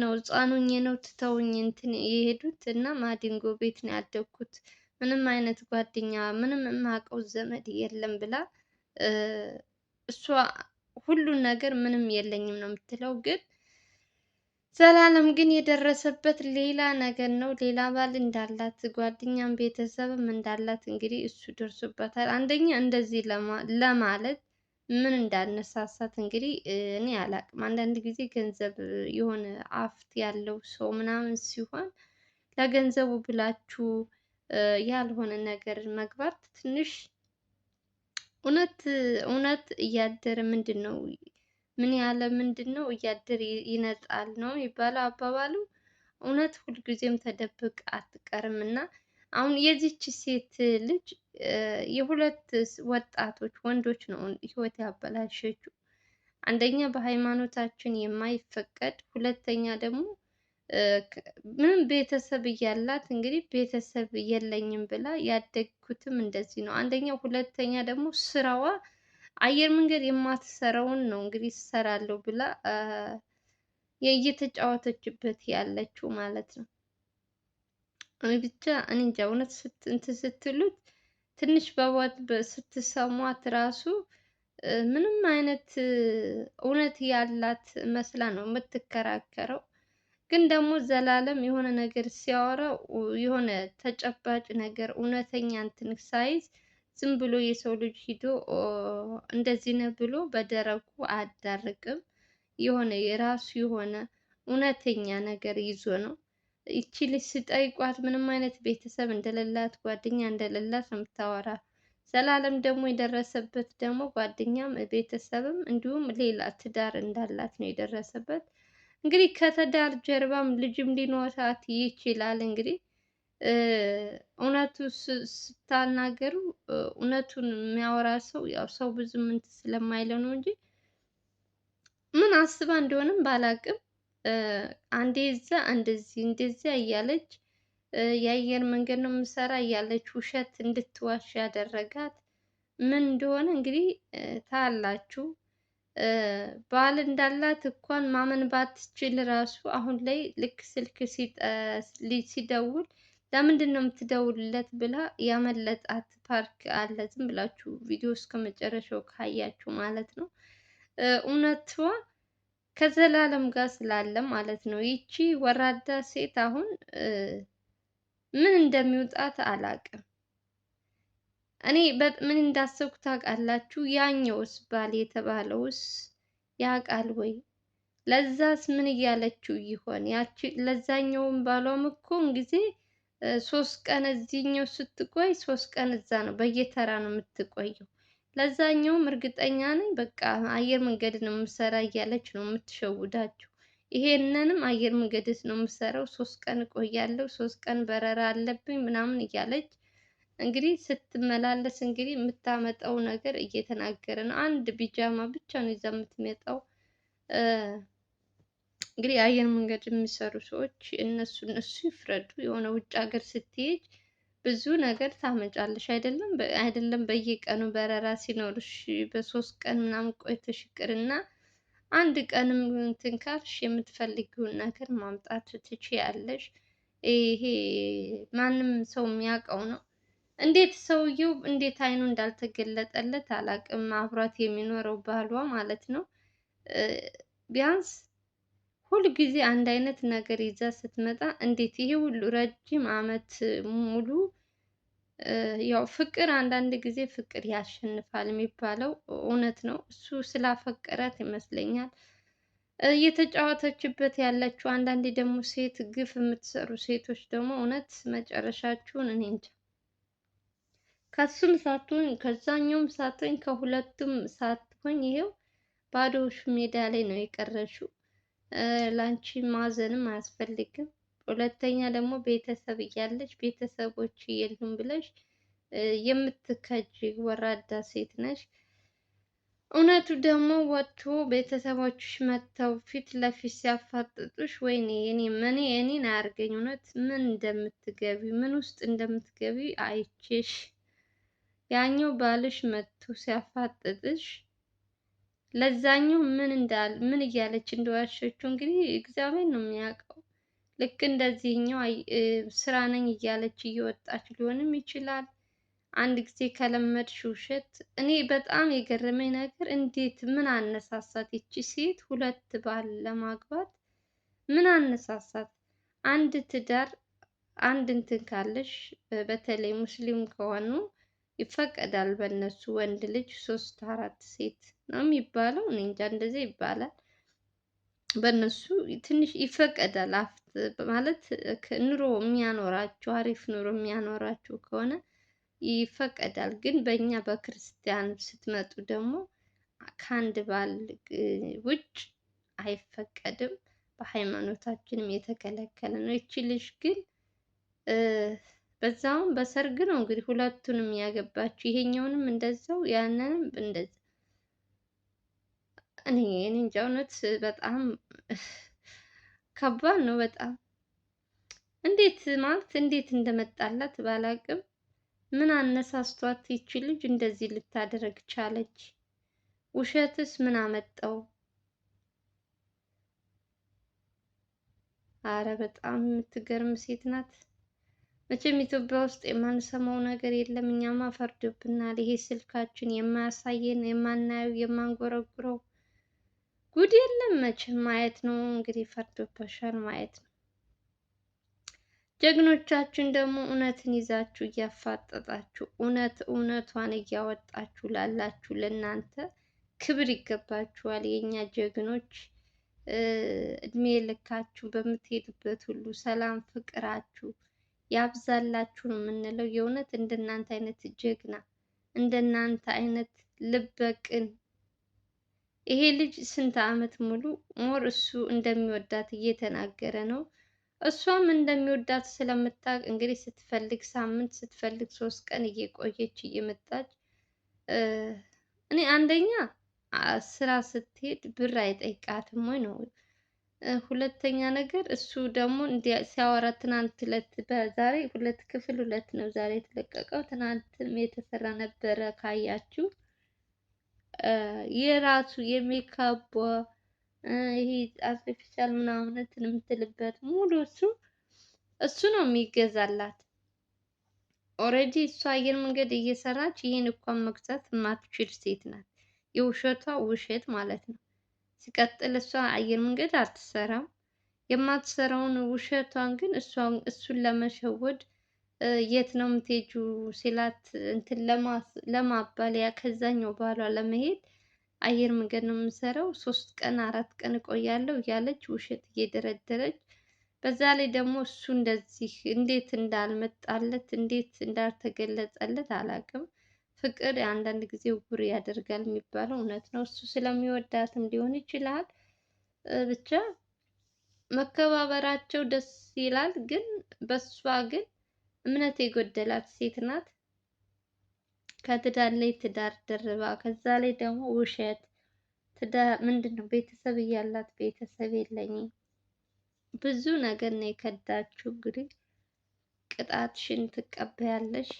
ነው ህፃኑኝ ነው ትተውኝ እንትን የሄዱት እና ማዲንጎ ቤት ነው ያደግኩት ምንም አይነት ጓደኛ ምንም የማውቀው ዘመድ የለም ብላ እሷ ሁሉን ነገር ምንም የለኝም ነው የምትለው። ግን ዘላለም ግን የደረሰበት ሌላ ነገር ነው። ሌላ ባል እንዳላት ጓደኛም ቤተሰብም እንዳላት እንግዲህ እሱ ደርሶበታል። አንደኛ እንደዚህ ለማለት ምን እንዳነሳሳት እንግዲህ እኔ አላቅም። አንዳንድ ጊዜ ገንዘብ የሆነ አፍት ያለው ሰው ምናምን ሲሆን ለገንዘቡ ብላችሁ ያልሆነ ነገር መግባት ትንሽ እውነት እውነት እያደረ ምንድን ነው ምን ያለ ምንድን ነው እያደረ ይነጣል ነው የሚባለው አባባሉ። እውነት ሁልጊዜም ተደብቅ አትቀርም እና አሁን የዚች ሴት ልጅ የሁለት ወጣቶች ወንዶች ነው ህይወት ያበላሸችው። አንደኛ በሃይማኖታችን የማይፈቀድ ሁለተኛ ደግሞ ምንም ቤተሰብ እያላት እንግዲህ ቤተሰብ የለኝም ብላ ያደግኩትም እንደዚህ ነው። አንደኛ ሁለተኛ ደግሞ ስራዋ አየር መንገድ የማትሰራውን ነው እንግዲህ ትሰራለሁ ብላ እየተጫወተችበት ያለችው ማለት ነው። ብቻ እኔ እንጃ እውነት እንትን ስትሉት ትንሽ በወት ስትሰሟት ራሱ ምንም አይነት እውነት ያላት መስላ ነው የምትከራከረው። ግን ደግሞ ዘላለም የሆነ ነገር ሲያወራ የሆነ ተጨባጭ ነገር እውነተኛ እንትን ሳይዝ ዝም ብሎ የሰው ልጅ ሂዶ እንደዚህ ነው ብሎ በደረቁ አያዳርቅም። የሆነ የራሱ የሆነ እውነተኛ ነገር ይዞ ነው ይቺ ልጅ ስጠይቋት ምንም አይነት ቤተሰብ እንደሌላት ጓደኛ እንደሌላት ነው የምታወራ። ዘላለም ደግሞ የደረሰበት ደግሞ ጓደኛም ቤተሰብም እንዲሁም ሌላ ትዳር እንዳላት ነው የደረሰበት። እንግዲህ ከትዳር ጀርባም ልጅም ሊኖራት ይችላል። እንግዲህ እውነቱ ስታናገሩ እውነቱን የሚያወራ ሰው ያው ሰው ብዙ ምንት ስለማይለው ነው እንጂ ምን አስባ እንደሆነም ባላቅም አንዴ እዛ እንደዚህ እንደዚያ እያለች የአየር መንገድ ነው የምሰራ እያለች ውሸት እንድትዋሽ ያደረጋት ምን እንደሆነ እንግዲህ ታላችሁ። ባል እንዳላት እንኳን ማመን ባትችል ራሱ አሁን ላይ ልክ ስልክ ሲደውል ለምንድን ነው የምትደውልለት ብላ ያመለጣት ፓርክ አለ። ዝም ብላችሁ ቪዲዮ እስከ መጨረሻው ካያችሁ ማለት ነው እውነቷ ከዘላለም ጋር ስላለ ማለት ነው። ይቺ ወራዳ ሴት አሁን ምን እንደሚውጣት አላቅም? እኔ ምን እንዳሰብኩ ታውቃላችሁ? ያኛውስ ባል የተባለውስ ያውቃል ወይ? ለዛስ ምን እያለችው ይሆን? ያቺ ለዛኛውም ባሏም እኮ ጊዜ ሶስት ቀን እዚህኛው ስትቆይ ሶስት ቀን እዛ ነው፣ በየተራ ነው የምትቆየው። ለዛኛውም እርግጠኛ ነኝ በቃ አየር መንገድ ነው የምሰራ እያለች ነው የምትሸውዳችሁ። ይሄንንም አየር መንገድ ነው የምሰራው፣ ሶስት ቀን እቆያለሁ፣ ሶስት ቀን በረራ አለብኝ ምናምን እያለች እንግዲህ ስትመላለስ እንግዲህ የምታመጣው ነገር እየተናገረ ነው። አንድ ቢጃማ ብቻ ነው ይዛ የምትመጣው። እንግዲህ አየር መንገድ የሚሰሩ ሰዎች እነሱ እነሱ ይፍረዱ። የሆነ ውጭ ሀገር ስትሄድ ብዙ ነገር ታመጫለሽ አይደለም አይደለም በየቀኑ በረራ ሲኖርሽ በሶስት ቀን ምናምን ቆይተሽ ይቅርና አንድ ቀንም እንትን ካልሽ የምትፈልጊውን ነገር ማምጣት ትችያለሽ። ይሄ ማንም ሰው የሚያውቀው ነው። እንዴት ሰውየው እንዴት አይኑ እንዳልተገለጠለት አላውቅም። አብሯት የሚኖረው ባሏ ማለት ነው ቢያንስ ሁል ጊዜ አንድ አይነት ነገር ይዛ ስትመጣ እንዴት ይሄ ሁሉ ረጅም አመት ሙሉ ያው ፍቅር አንዳንድ ጊዜ ፍቅር ያሸንፋል የሚባለው እውነት ነው። እሱ ስላፈቀረት ይመስለኛል እየተጫወተችበት ያለችው። አንዳንዴ ደግሞ ሴት ግፍ የምትሰሩ ሴቶች ደግሞ እውነት መጨረሻችሁን እኔ እንጃ። ከሱም ሳትሆኝ ከዛኛውም ሳትሆኝ ከሁለቱም ሳትሆኝ ይሄው ባዶ ሜዳ ላይ ነው የቀረሽው። ላንቺ ማዘንም አያስፈልግም። ሁለተኛ ደግሞ ቤተሰብ እያለች ቤተሰቦች የሉም ብለሽ የምትከጅ ወራዳ ሴት ነሽ። እውነቱ ደግሞ ወጥቶ ቤተሰቦችሽ መጥተው ፊት ለፊት ሲያፋጥጡሽ፣ ወይኔ የኔ ምን የኔን አያርገኝ። እውነት ምን እንደምትገቢ ምን ውስጥ እንደምትገቢ አይቼሽ፣ ያኛው ባልሽ መጥቶ ሲያፋጥጥሽ ለዛኛው ምን እንዳል ምን እያለች እንደዋሸችው እንግዲህ እግዚአብሔር ነው የሚያውቀው። ልክ እንደዚህኛው ስራ ነኝ እያለች እየወጣች ሊሆንም ይችላል። አንድ ጊዜ ከለመድሽ ውሸት። እኔ በጣም የገረመኝ ነገር እንዴት ምን አነሳሳት ይቺ ሴት ሁለት ባል ለማግባት ምን አነሳሳት? አንድ ትዳር አንድ እንትን ካለሽ በተለይ ሙስሊም ከሆኑ ይፈቀዳል በእነሱ ወንድ ልጅ ሶስት አራት ሴት ነው የሚባለው። እኔ እንጃ እንደዚያ ይባላል በእነሱ ትንሽ ይፈቀዳል። ማለት ኑሮ የሚያኖራቸው አሪፍ ኑሮ የሚያኖራቸው ከሆነ ይፈቀዳል። ግን በእኛ በክርስቲያን ስትመጡ ደግሞ ከአንድ ባል ውጭ አይፈቀድም። በሃይማኖታችንም የተከለከለ ነው። ይቺ ልጅ ግን በዛውም በሰርግ ነው እንግዲህ ሁለቱንም ያገባችው። ይሄኛውንም እንደዛው ያንንም እንደዛ። እኔ እኔ እንጃ እውነት በጣም ከባድ ነው። በጣም እንዴት ማለት እንዴት እንደመጣላት ባላቅም፣ ምን አነሳስቷት ይቺ ልጅ እንደዚህ ልታደርግ ቻለች? ውሸትስ ምን አመጣው? አረ በጣም የምትገርም ሴት ናት። መቼም ኢትዮጵያ ውስጥ የማንሰማው ነገር የለም። እኛማ ፈርዶብናል። ይሄ ስልካችን የማያሳየን የማናየው የማንጎረጉረው ጉድ የለም። መቼም ማየት ነው እንግዲህ ፈርዶብሻል ማየት ነው። ጀግኖቻችን ደግሞ እውነትን ይዛችሁ እያፋጠጣችሁ እውነት እውነቷን እያወጣችሁ ላላችሁ ለእናንተ ክብር ይገባችኋል። የእኛ ጀግኖች እድሜ ልካችሁ በምትሄዱበት ሁሉ ሰላም ፍቅራችሁ ያብዛላችሁ ነው የምንለው። የእውነት እንደናንተ አይነት ጀግና፣ እንደናንተ አይነት ልበቅን። ይሄ ልጅ ስንት አመት ሙሉ ሞር እሱ እንደሚወዳት እየተናገረ ነው። እሷም እንደሚወዳት ስለምታ እንግዲህ ስትፈልግ ሳምንት ስትፈልግ ሶስት ቀን እየቆየች እየመጣች እኔ አንደኛ ስራ ስትሄድ ብር አይጠይቃትም ወይ ነው ሁለተኛ ነገር እሱ ደግሞ ሲያወራ ትናንት ሁለት በዛሬ ሁለት ክፍል ሁለት ነው ዛሬ የተለቀቀው። ትናንትም የተሰራ ነበረ ካያችሁ የራሱ የሜካቧ ይሄ አርቲፊሻል ምናምን እንትን የምትልበት ሙሉ እሱ እሱ ነው የሚገዛላት። ኦልሬዲ እሷ አየር መንገድ እየሰራች ይህን እንኳን መግዛት የማትችል ሴት ናት። የውሸቷ ውሸት ማለት ነው። ሲቀጥል እሷ አየር መንገድ አትሰራም። የማትሰራውን ውሸቷን ግን እሱን ለመሸወድ የት ነው የምትሄጂው ሲላት እንትን ያ ከዛኛው ባሏ ለመሄድ አየር መንገድ ነው የምሰራው፣ ሶስት ቀን አራት ቀን እቆያለሁ እያለች ውሸት እየደረደረች በዛ ላይ ደግሞ እሱ እንደዚህ እንዴት እንዳልመጣለት እንዴት እንዳልተገለጸለት አላውቅም። ፍቅር አንዳንድ ጊዜ እውር ያደርጋል የሚባለው እውነት ነው። እሱ ስለሚወዳትም ሊሆን ይችላል። ብቻ መከባበራቸው ደስ ይላል። ግን በሷ ግን እምነት የጎደላት ሴት ናት። ከትዳር ላይ ትዳር ደርባ ከዛ ላይ ደግሞ ውሸት ምንድን ነው ቤተሰብ እያላት ቤተሰብ የለኝም ብዙ ነገር ነው የከዳችው። እንግዲህ ቅጣትሽን ትቀበያለሽ።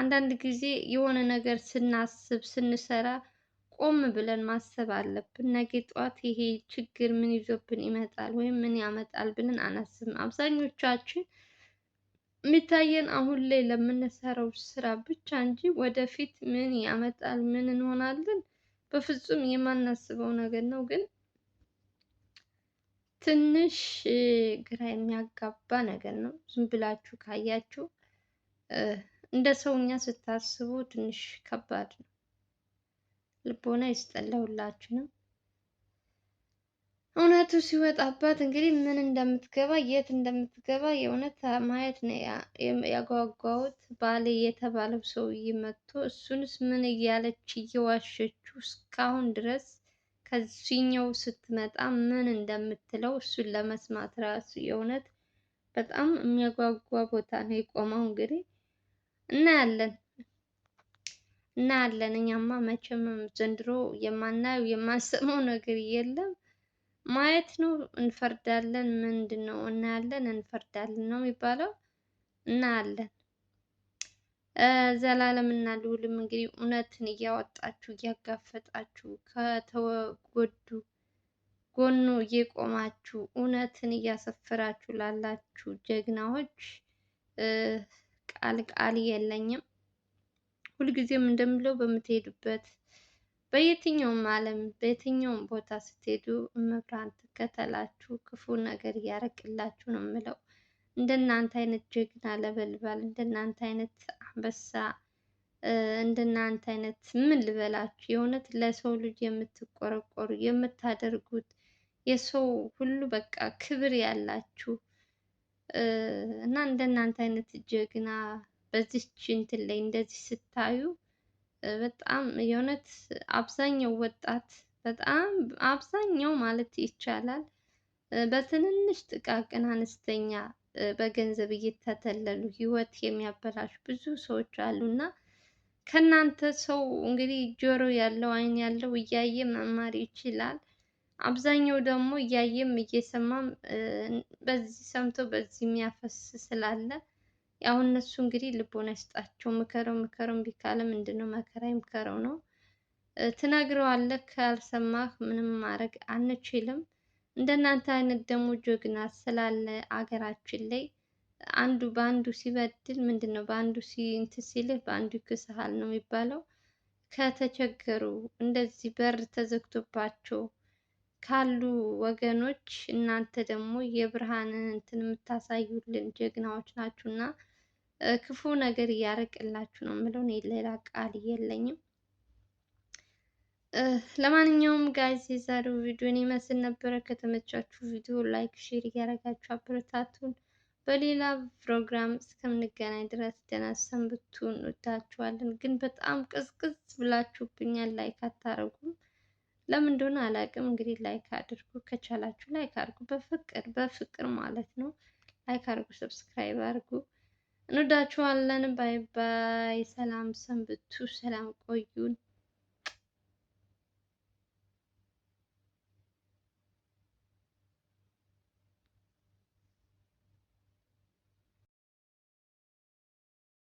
አንዳንድ ጊዜ የሆነ ነገር ስናስብ ስንሰራ ቆም ብለን ማሰብ አለብን። ነገ ጠዋት ይሄ ችግር ምን ይዞብን ይመጣል ወይም ምን ያመጣል ብለን አናስብም። አብዛኞቻችን የሚታየን አሁን ላይ ለምንሰራው ስራ ብቻ እንጂ ወደፊት ምን ያመጣል ምን እንሆናለን በፍጹም የማናስበው ነገር ነው። ግን ትንሽ ግራ የሚያጋባ ነገር ነው። ዝም ብላችሁ ካያችሁ እንደ ሰውኛ ስታስቡ ትንሽ ከባድ ነው። ልቦና ይስጠላውላችሁንም። እውነቱ ሲወጣባት እንግዲህ ምን እንደምትገባ የት እንደምትገባ የእውነት ማየት ነው ያጓጓሁት። ባሌ የተባለው ሰውዬ መጥቶ እሱንስ ምን እያለች እየዋሸችው እስካሁን ድረስ ከዚህኛው ስትመጣ ምን እንደምትለው እሱን ለመስማት ራሱ የእውነት በጣም የሚያጓጓ ቦታ ነው የቆመው እንግዲህ እናያለን እናያለን። እኛማ መቼም ዘንድሮ የማናየው የማንሰማው ነገር የለም። ማየት ነው እንፈርዳለን። ምንድን ነው እናያለን እንፈርዳለን ነው የሚባለው። እናያለን። ዘላለም እና ልዑልም እንግዲህ እውነትን እያወጣችሁ እያጋፈጣችሁ ከተጎዱ ጎኑ እየቆማችሁ እውነትን እያሰፈራችሁ ላላችሁ ጀግናዎች ቃል ቃል የለኝም። ሁልጊዜም እንደምለው በምትሄዱበት በየትኛውም ዓለም በየትኛውም ቦታ ስትሄዱ እመብርሃን ትከተላችሁ፣ ክፉ ነገር እያረቅላችሁ ነው የምለው። እንደናንተ አይነት ጀግና ለበልባል፣ እንደናንተ አይነት አንበሳ፣ እንደናንተ አይነት ምን ልበላችሁ፣ የእውነት ለሰው ልጅ የምትቆረቆሩ የምታደርጉት የሰው ሁሉ በቃ ክብር ያላችሁ እና እንደናንተ አይነት ጀግና በዚች እንትን ላይ እንደዚህ ስታዩ በጣም የእውነት አብዛኛው ወጣት በጣም አብዛኛው ማለት ይቻላል በትንንሽ ጥቃቅን አነስተኛ በገንዘብ እየተተለሉ ህይወት የሚያበላሹ ብዙ ሰዎች አሉ እና ከእናንተ ሰው እንግዲህ ጆሮ ያለው አይን ያለው እያየ መማር ይችላል። አብዛኛው ደግሞ እያየም እየሰማም በዚህ ሰምቶ በዚህ የሚያፈስ ስላለ ያው እነሱ እንግዲህ ልቦና ይስጣቸው። ምከረው ምከረው እምቢ ካለ ምንድነው መከራ ይምከረው ነው። ትነግረዋለህ፣ ካልሰማህ ምንም ማድረግ አንችልም። እንደናንተ አይነት ደግሞ ጀግና ስላለ አገራችን ላይ አንዱ በአንዱ ሲበድል ምንድን ነው በአንዱ ሲንት ሲልህ በአንዱ ይክስሃል ነው የሚባለው። ከተቸገሩ እንደዚህ በር ተዘግቶባቸው ካሉ ወገኖች እናንተ ደግሞ የብርሃንን እንትን የምታሳዩልን ጀግናዎች ናችሁ እና ክፉ ነገር እያረቅላችሁ ነው የምለው። እኔ ሌላ ቃል የለኝም። ለማንኛውም ጋይዝ የዛሬው ቪዲዮ እኔ መስል ነበረ። ከተመቻችሁ ቪዲዮ ላይክ፣ ሼር እያደረጋችሁ አበረታቱን። በሌላ ፕሮግራም እስከምንገናኝ ድረስ ደህና ሰንብቱ። እንወዳችኋለን። ግን በጣም ቅዝቅዝ ብላችሁብኛል። ላይክ አታረጉም። ለምን እንደሆነ አላውቅም። እንግዲህ ላይክ አድርጉ፣ ከቻላችሁ ላይክ አድርጉ፣ በፍቅር በፍቅር ማለት ነው። ላይክ አድርጉ፣ ሰብስክራይብ አድርጉ። እንወዳችኋለን። ባይ ባይ። ሰላም ሰንብቱ፣ ሰላም ቆዩን።